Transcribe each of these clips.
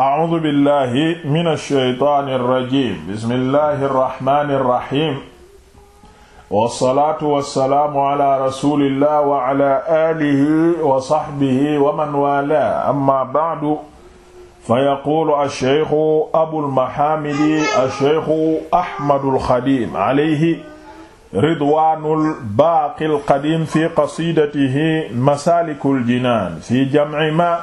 a'uudu billahi mina shaytaani rajiim bismillahi rahmaani rahiim. wasalaatu wasalaamu ala rasulillah wa ala aalihi wa saxbihi wa man waalaahu amma ba'du. fayaquulu asheeku abul maxaamidi asheeku ahmadul xadiim alayhi ridwaanul baaqil qadiim fi qasiidatihi masaalikul jinaan fi jamci maa.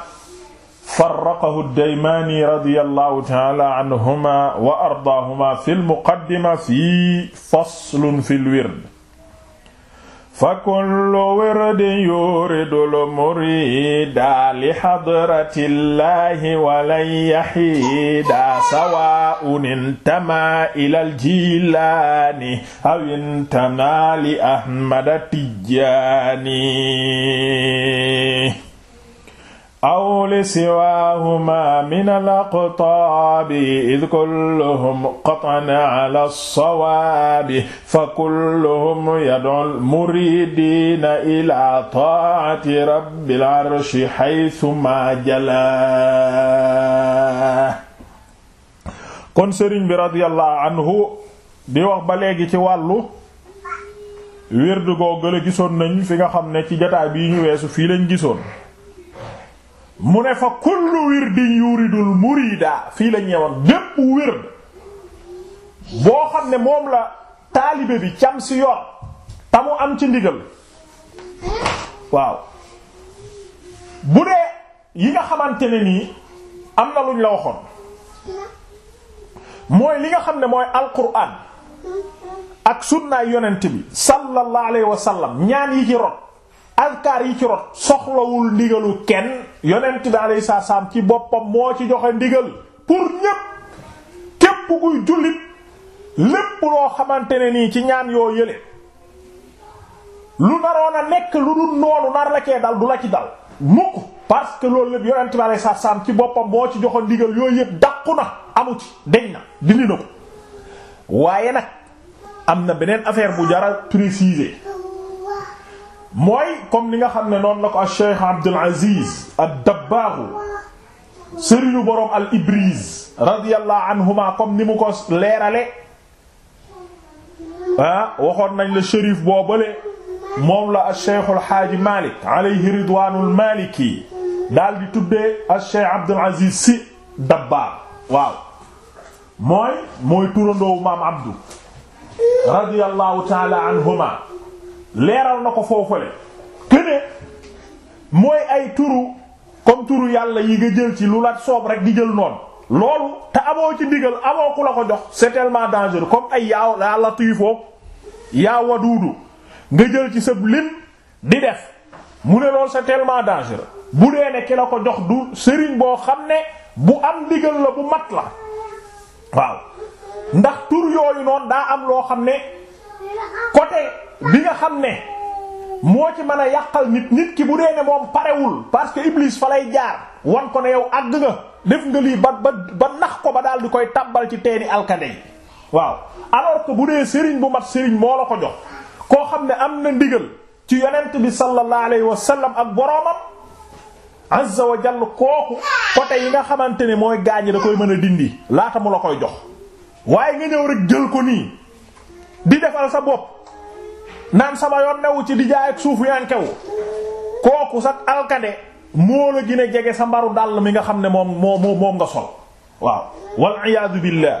farraqahu daymaani radiyallahu ta'ala anhuma wa ardaahuma fi lmuqaddima fi faslun fi lwird fa kullu wirdin yuridu l-murida li hadrati llahi wa lan yahiida sawaa'un intamaa ila al-jiilaani aw intamaa li ahmada tijjaani aw li siwaahuma min alaqtaabi id kulluhum qatan ala lsawaabi fa kulluhum yad'u muridiina ila taati rabbil arshi haythuma jala kon sëriñ bi radiyallahu anhu di wax ba léegi ci wàllu wirdu goo gële gisoon nañ fi nga xam ne ci jataay bii ñu weesu fii lañ gisoon mu ne fa kullu wirdin yuridul murida fii la ñëwoon bépp wird boo xam ne moom la taalibe bi cam si yor tamu am ci ndigal waaw bu dee yi nga xamante nii am na luñ la waxoon mooy li nga xam ne mooy alquran ak sunnaay yonent bi sallallahu alayhi wa sallam ñaan yi ci rot azkar yi ci rot soxlawul ndigalu kenn yonent bi alayhi salaam ci boppam moo ci joxe ndigal pour ñépp képp kuy jullit lépp loo xamante ne nii ci ñaan yoo yële lu naroon a nekk lu dul noonu nar la cee dal du la ci dal mukk parce que loolu lépp yonent bi alayhi salaam ci boppam boo ci joxe ndigal yooyu yëpp dàqu na amu ci deñ na dindi na ko waaye nag am na beneen affaire bu jara préciser mooy comme li nga xam ne noonu la ko al Cheikh Abdul Aziz ad-Dabbagh sëriñu boroom al Ibriz radiyallahu anhuma comme ni mu ko leerale ah waxoon nañ la shérif boobale moom la al Cheikh al Haaji Malik alayhi ridwaanul Maliki daal di tuddee al Cheikh Abdul si Dabbagh waaw mooy mooy turandoowu maam Abdou radiyallahu ta'ala anhuma leeral na ko foofale këne mooy ay turu comme turu yàlla yi nga jël ci lu la soob rek di jël noon loolu te amoo ci ndigal amoo ku la ko jox c'est tellement dangereux comme ay yaa yaa latiifoo yaa waduudu nga jël ci sab lim di def mu ne loolu c'est tellement dangereux bu dee ne la ko jox du sëriñ boo xam ne bu am ndigal la bu mat la waaw ndax tur yooyu noonu daa am loo xam ne côté bi nga xam ne moo ci mën a yàqal nit nit ki bu dee ne moom parewul parce que Iblis fa lay jaar wan ko ne yow àgg nga def nga lii ba ba ba nax ko ba daal di koy tabbal ci teeni alkande yi waaw alors que bu dee sëriñ bu mat sëriñ moo la ko jox koo xam ne am na ndigal ci yonent bi sallallahu alayhi wa sallam ak boroomam azza wa jall yi nga xamante ne mooy gaañ da koy mën a dindi laata mu la koy jox waaye nga ñëw rek jël ko nii di defal sa bopp naan sama yoon newu ci di ak suufu yankew kooku sax alkade moo la gën a jege sa mbaru dàll mi nga xam ne moom moo moom nga sol waaw wal iyaadu billaah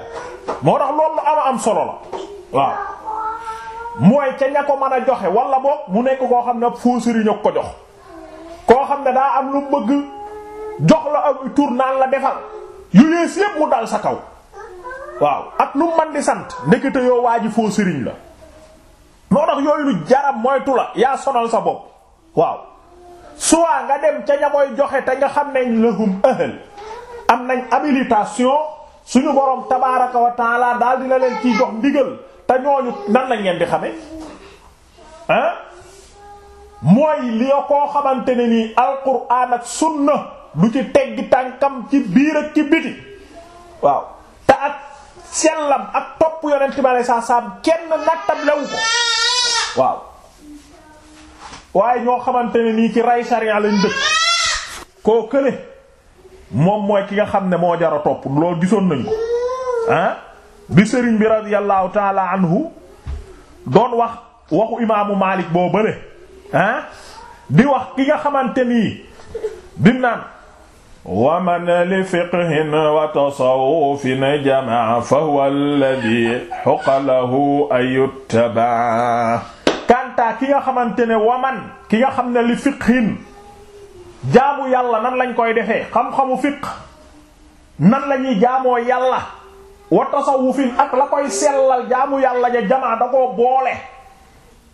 moo tax loolu ama am solo la waaw mooy ca ña ko mën a joxe walla boog mu nekk koo xam ne foo sëriñoo ko jox koo xam ne daa am lu bëgg jox la ak tur naan la defal yu yées yépp mu dal sa kaw waaw ak lu man di sant ndekete yoo waa ji foo sëriñ la yooyu lu jaram moytu la yaa sonal sa bopp waaw soit nga dem ca ña joxe te nga xam nañ lahum ahal am nañ habilitation suñu borom tabaaraka wa taala daal dina leen ciy jox ndigal te ñooñu nan lañ ngeen di xame ah mooy li koo xamante ne nii alquran ak sunna du ci teggi tànkam ci biir ak ci biti waaw te ak sellam ak topp yonent bi sallallahu alayhi wasallam kenn nattable wu ko waaw waaye ñoo xamante ne nii ci ray sariya lañ dëkk koo kële moom mooy ki nga xam ne moo jara topp lool gisoon nañ ko ah bi sëriñ bi radiyallahu taala anhu doon wax waxu imaamu Maalik boo bële ah di wax ki nga xamante nii di naan wa man li fiqhin wa tasawufin jamaa fa huwa alladhi huqa lahu ayyuttaba kantaa ki nga xamante ne waman ki nga xam ne li fiqhin jaamu yàlla nan lañ koy defee xam-xamu fiq nan la ñuy jaamoo yàlla wa tasawufin ak la koy sellal jaamu yàlla ja jamaa da koo boole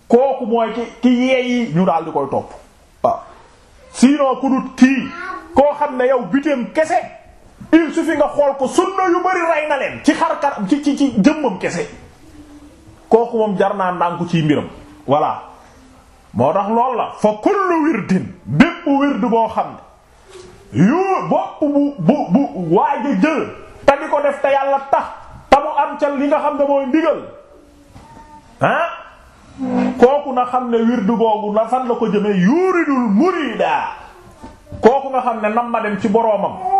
kooku mooy ki ki yeeyi ñu daal koy topp waaw sinon kii koo xam ne yow bitéem kese il suffit nga xool ko sunna yu bari rey ci xarkaram ci ci ci jëmmam kese kooku moom jar naa ndànku ciy mbiram voilà moo tax loolu la fa kullu wirdin bépp wird boo xam ne yu bopp bu bu bu waaj a jël te di ko def te yàlla tax te mu am ca li nga xam ne mooy ndigal ah kooku na xam ne wird googu na fan la ko jëmee yuridul murida kooku nga xam ne nam ma dem ci boroomam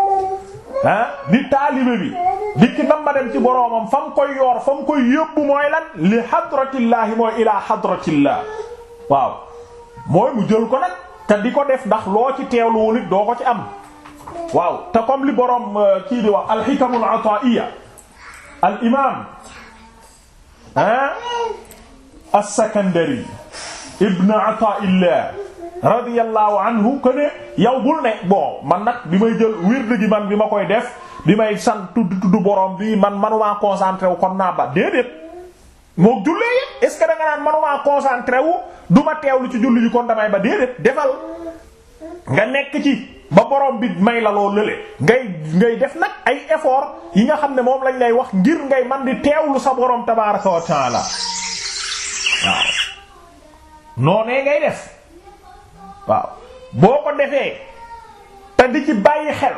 ah di taalibe bi di ki nam ma ci boroomam fa koy yoor fa koy yóbbu mooy lan li hadratillahi mooy ilaa hadratillah waaw mooy mu jël ko nag te di ko def ndax loo ci teewluwul ko ci am waaw te comme li boroom euh, kii di wax alxikamul ataiya al imam ah as-Sakandari ibn Ataa'illah radiyallahu anhu que ne yow bul ne bon man nag bi may jël wird gi man bi ma koy def bi may sant tudd tudd borom bi man manumaa concentré wu kon naa ba déedéet moo jullee yépp est ce que da nga naan manumaa concentré wu du ma teewlu ci julli ji kon damay ba déedéet defal nga nekk ci ba borom bi may la loo lële ngay ngay def nag ay effort yi nga xam ne moom lañ lay wax ngir ngay man di teewlu sa borom tabaaraka wa taala waaw noonee ngay def waaw boo ko defee te di ci bàyyi xel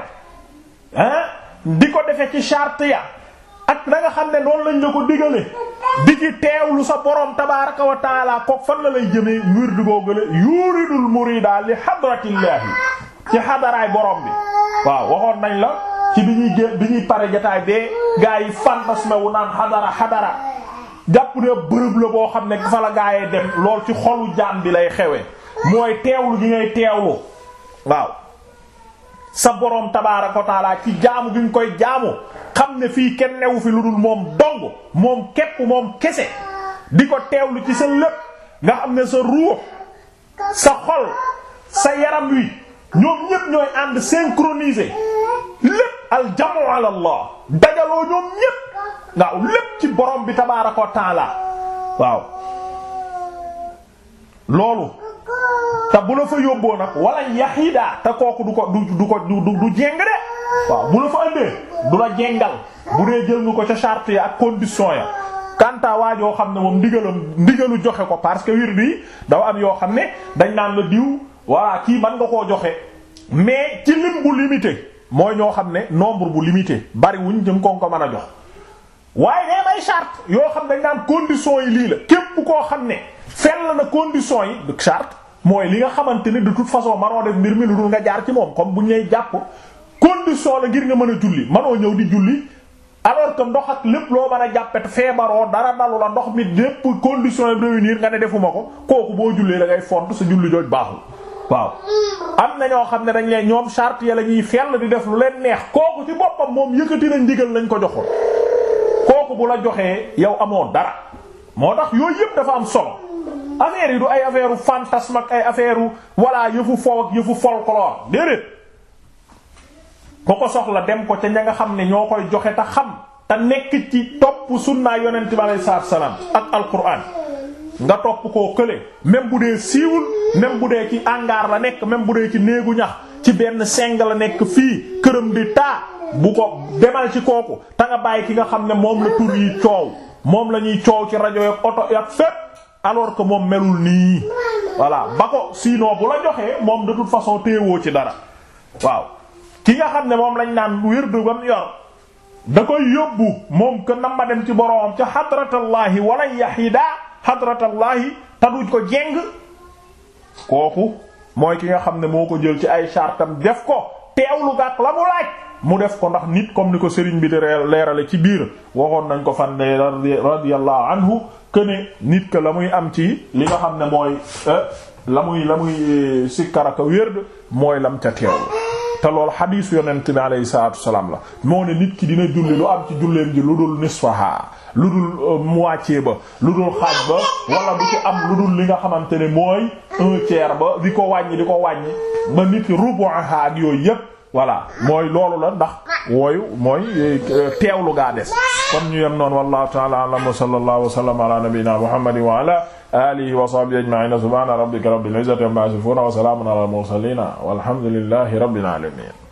ah di ko defee ci charte ya ak na nga xam ne noonu lañ la ko digale di ci teewlu sa boroom tabaaraka wa taala kook fan la lay jëmee mur di koo gële murida li hadratillahi ci xadaraay boroom bi waaw waxoon nañ la ci bi ñuy bi ñuy pare jotaay bee gaa yi fantasme wu naan xadara xadara jàpp ne bërëb la boo xam ne fa la gaayee dem lool ci xolu jaam bi lay xewee mooy teewlu bi ngay teewlu waaw sa boroom tabaaraka wa taala ci jaamu gi ñu koy jaamu xam ne fii kenn newu fi lu dul moom dong moom képp moom kese di ko teewlu ci sa lépp nga xam ne sa ruux sa xol sa yaram wi ñoom ñépp ñooy ànd synchronisé lépp al jamu dajaloo ñoom ñépp waaw borom bi tabaaraka wa taala waaw loolu te bu la fa yóbboo nag wala yaxidaa te kooku du ko du ko du jeng de waaw bu la fa ëndee du la jengal bu dee jël nga ko ca charte ya ak condition ya kanta waajoo xam ne moom ndigalam ndigalu joxe ko parce que wir bi daw am yoo xam ne dañ naan la diw voilà kii man nga koo joxe mais ci lim bu limité mooy ñoo xam ne nombre bu limité bariwuñ jëm ñu ko mën a jox waaye nee may charte yoo xam ne dañ naan condition yi lii la képp koo xam ne fenn na condition yi du charte mooy li nga xamante ni de toute façon manoo def mbir mi lu dul nga jaar ci moom comme bu ñu lay jàpp condition la ngir nga mën a julli manoo ñëw di julli alors que ndox ak lépp loo mën a jàppet feebaroo dara dalu la ndox mi lépp condition yi réunir nga ne defuma ko kooku boo jullee da ngay font sa julli jooj baaxul waaw am na ñoo xam ne dañ leen ñoom charte ya la ñuy fell di def lu leen neex kooku ci boppam moom yëkkati nañ ndigal lañ ko joxoon bu la joxee yow amoo dara moo tax yooyu yëpp dafa am solo affaire yi du ay affaire u fantasme ak ay affaire u walla yëfu foow ak yëfu folklore déedéet ko ko soxla dem ko ca ña nga xam ne ñoo koy joxe te xam te nekk ci topp sunnaa yonent bi alayhi salaatu salaam ak alquran nga topp koo kële même bu dee siiwul même bu dee ci angaar la nekk même bu dee ci néegu ñax ci benn seng la nekk fii këram di taa bu ko demal ci kooku te nga bàyyi ki nga xam ne moom la tur yi coow moom la ñuy coow ci rajo yak oto yak fépp alors que moom melul nii voilà ba ko sinon bu la joxee moom de toute ci dara waaw ki nga xam ne moom lañ naan wirdu bam da koy yóbbu moom que nam ma dem ci boroom ca xadratallaahi wala yahida xadratallaahi te duñ ko jeng kooku mooy ki nga xam ne moo ko jël ci ay chartam def ko teewlu gàk la mu laaj mu def ko ndax nit comme ni ko sëriñ bi di leerale ci biir waxoon nañ ko fan ne radiyallahu anhu que nit ka la muy am ci li nga xam ne mooy euh, la muy la muy euh, sikkar ak wérd mooy lam ca teewlu te lool xadiis yonent bi alayhi salaatu wasalaam la moo ne nit ki dina julli lu am ci julleem ji lu dul nisfaha lu dul euh, moitié ba lu dul xaaj ba wala du ci am lu dul li nga xamante ne mooy un tiers ba di ko wàññi di ko wàññi ba nit ki rubuha ak yooyu yépp voilà mooy loolu la ndax wooyu mooy euh, teewlu gaa des kon ñu yem noonu wallahu ta'ala a'lam wa sallallahu wa sallama ala nabiyyina muhammadin wa ala alihi wa sahbihi ajma'in subhana rabbika rabbil izzati amma yasifun wa salamun ala al mursalin walhamdulillahi rabbil alamin